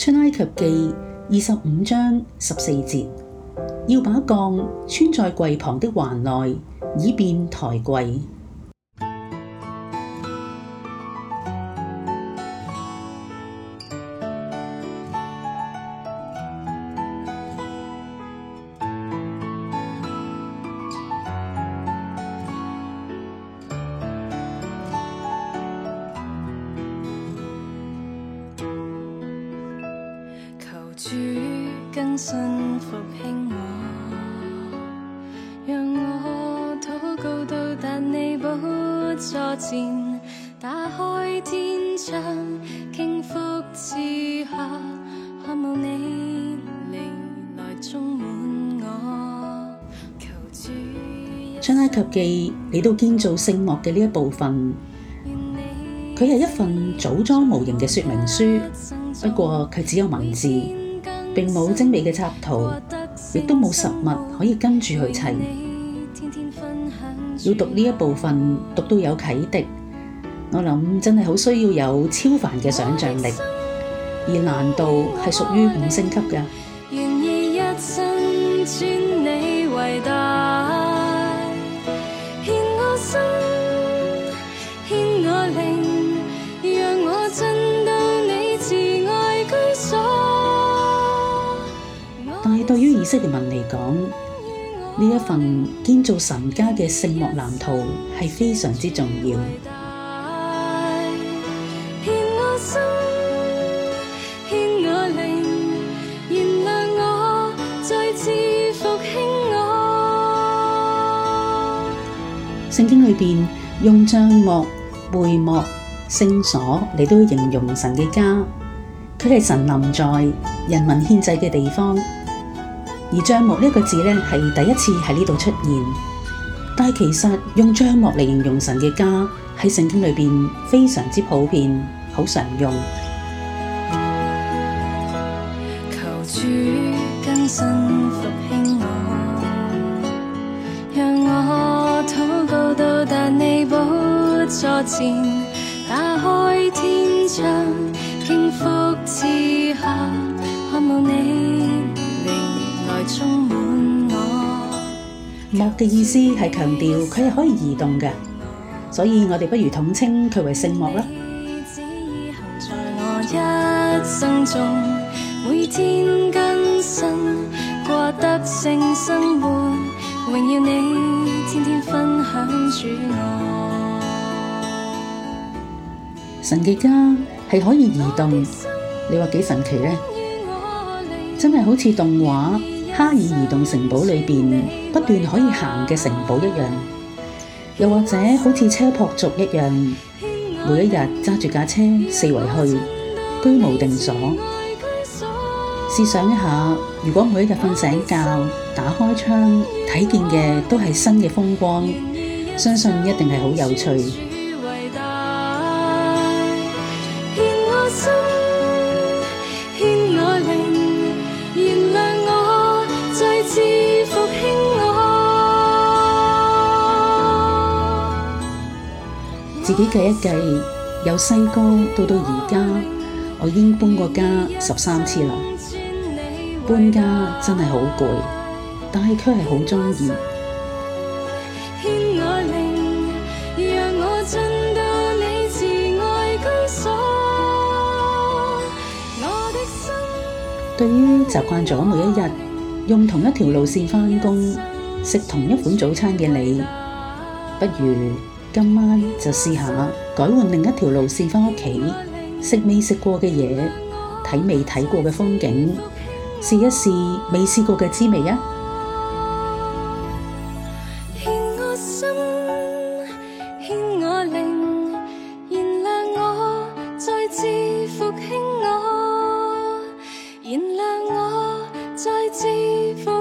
出埃及記二十五章十四節，要把槓穿在櫃旁的環內，以便抬櫃。主，我，讓我我，禱告到。你你不坐打開天窗，望充滿我《出埃及記》，你都建造聖樂嘅呢一部分。佢係一份組裝模型嘅說明書，不過佢只有文字。並冇精美嘅插圖，亦都冇實物可以跟住去砌。要讀呢一部分，讀到有啟迪，我諗真係好需要有超凡嘅想象力，而難度係屬於五星級㗎。對於以色列民嚟講，呢一份建造神家嘅聖幕藍圖係非常之重要。聖 經裏面用帳幕、會幕、聖所嚟到形容神嘅家，佢係神臨在人民獻祭嘅地方。而帳幕呢一個字呢，係第一次喺呢度出現，但係其實用帳幕嚟形容神嘅家喺聖經裏邊非常之普遍，好常用。求主更新復興，讓我，我到達你寶座前。打開天窗，傾覆之下，望莫嘅意思係強調佢係可以移動嘅，所以我哋不如統稱佢為聖莫啦。你天天分享我神嘅家係可以移動，你話幾神奇呢、啊？真係好似動畫。哈爾移動城堡裏面不斷可以行嘅城堡一樣，又或者好似車僕族一樣，每一日揸住架車四圍去，居無定所。試想一下，如果每一日瞓醒覺，打開窗睇見嘅都係新嘅風光，相信一定係好有趣。自己計一計，由細個到到而家，我已經搬過家十三次啦。搬家真係好攰，但係佢係好鍾意。 對於習慣咗每一日用同一條路線返工、食同一款早餐嘅你，不如，今晚就試下改換另一條路線返屋企，食未食過嘅嘢，睇未睇過嘅風景，試一試未試過嘅滋味啊！